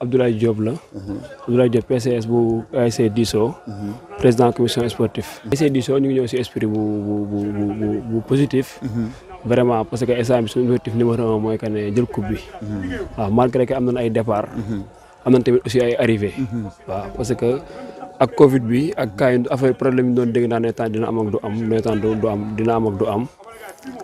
Abdoulaye Diop la. Abdoulaye PCS bu ASC Diso. président commission sportive. ASC Diso ñu ngi ñëw si esprit bu bu bu bu positif. vraiment parce que instant bi suñu ni numéro un mooy que ne jël coupe bi. waaw malgré que am nañ ay départ. am na tamit aussi ay arrivé. waaw parce que ak Covid bi ak cas yi affaire problème yi doon dégg naa ne temps dina am ak du am ne temps am dina am ak du am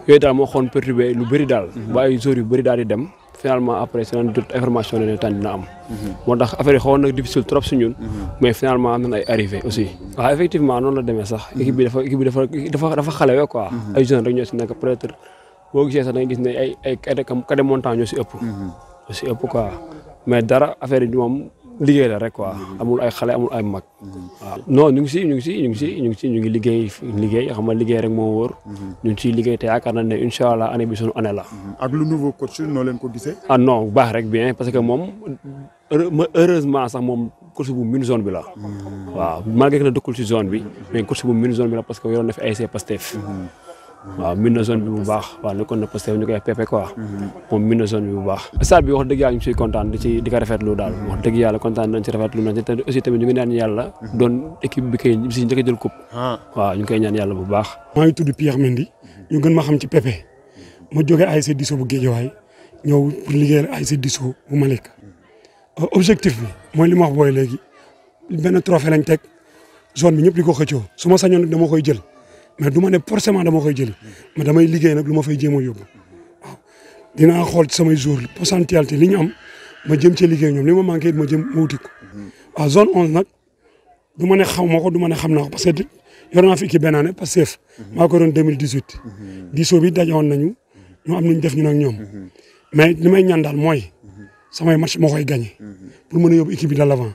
yooyu daal moo xoon perturbé lu bëri daal. ba ay jours yu bëri daal di dem. finalement après si naan jot information ne ne tànn dina am. Mhm. moo tax affaire yi xawoon nag difficile trop si ñun. Mhm. mais finalement am nañ ay arrivé aussi. waaw effectivement noonu la demee sax. Mhm. dafa équipe bi dafa ay jeunes rek ñoo si nekk peut être boo gisee sax da nga gis si ëpp. si ëpp quoi mais dara affaire yi moom. liggéey la rek quoi amul ay xale amul ay mag. waaw non ñu ngi si ñu ngi si ñu ngi si ñu ngi ñu ngi liggéey liggéey xam nga liggéey rek moo wóor. ñu ngi siy liggéey te yaakaar na ne incha allah année bi sunu année la. ak lu nouveau coach noo leen ko gisee. ah non baax rek bien parce que moom heureusement sax moom coach bu min zone bi la. Hmm. waaw malgré que ne dëkkul si zone bi mais coach bu min zone bi la parce que yoroon na fi ASC Pastef. waaw min na zone bi bu baax waaw nekkoon na Pastef ñu koy wax Pépé quoi moom min na zone bi bu baax stade bi wax dëgg yàlla ñu siy kontaan di ci di ko rafetlu daal wax dëgg yàlla kontaan nañ ci rafetlu nañ ci te aussi tamit ñu ngi ñaan yàlla bi kay si njëkk a jël coupe ah. waaw ñu ngi koy ñaan yàlla bu baax maa ngi tudd Pierre Mendy gën ma xam ci Pépé ma jógee ASC Disso bu Guédiawaye ñëw pour liggéeyal ASC Disso bu Malika objectif bi mooy li ma booy léegi benn trophée lañ teg zone bi di ko xëccoo su ma sañoon dama koy jël mais du ma ne forcément dama koy jël mais damay liggéey nak luma fay jéem yob dina xol ci samay jour pourcentualité li ñu am ma jëm ci liggéey ñom li ma ma jëm ma wuti ko waaw zone 11 nak du ma ne xaw ma ko du ma ne xam naa ko parce que yor naa fi équipe benn parce que maa ko doon 2018 diisoo bi dajewoon nañu ñu am lu def ñun ak ñom mais li may ñaan daal mooy samay match moo koy gagné pour mën yob équipe bi de l'avant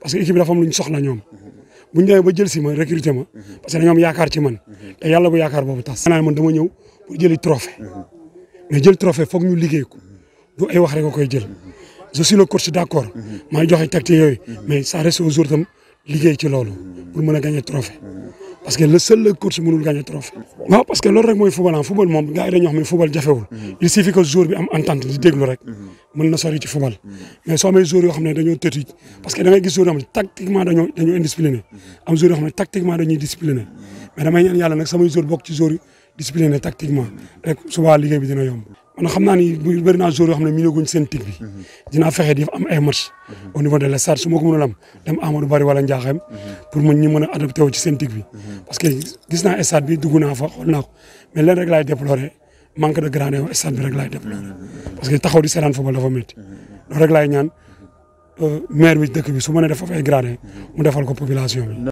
parce que équipe da fam luñ lu ñu soxla ñoom bu ñu demee ba jël si ma recruter ma mhm. parce que dañoo am yaakaar ci man mhm. te yàlla bu yaakaar boobu tas. xanaa ma dama ñëw pour jëli trophée mhm. mais jël trophée foog ñu liggéey ko du ay wax rek koy jël je suis le coach d'accord maa ngi joxe tactique yooyu mais ça reste aux jours tam liggéey ci loolu pour mën a gagner trophée parce que le seul la course mënul gagner trophée waaw parce que loolu rek mooy football ah football moom gars yi dañuy wax ne football jafewul il suffit que joueur bi am entente di déglu rek mën na sori ci mais soo amee yoo xam ne dañoo tëtuj parce que da ngay gis yoo xam ne tactiquement dañoo dañoo am joueur yoo xam ne tactiquement dañuy discipliné mais damay ñaan yàlla nag samay joueur bokk ci joueur yi discipliné rek suba liggéey bi dina kon xam naa ni bu bëri naa jour yoo xam ne miinaguñ seen tig bi dinaa fexe di am ay match au niveau de la stade su ma ko mënul am dem Amadou Bari wala Njaaxeem pour mën ñu mën a adapté wu ci seen tig bi parce que gis naa stade bi dugg naa xool naa mais leen rek laay déploré manque de grandeur stade bi rek laay déploré parce que taxaw di seetaan football dafa métti loolu rek laay ñaan euh, maire bi dëkk bi su ma ne dafa fay gradé mu defal ko population bi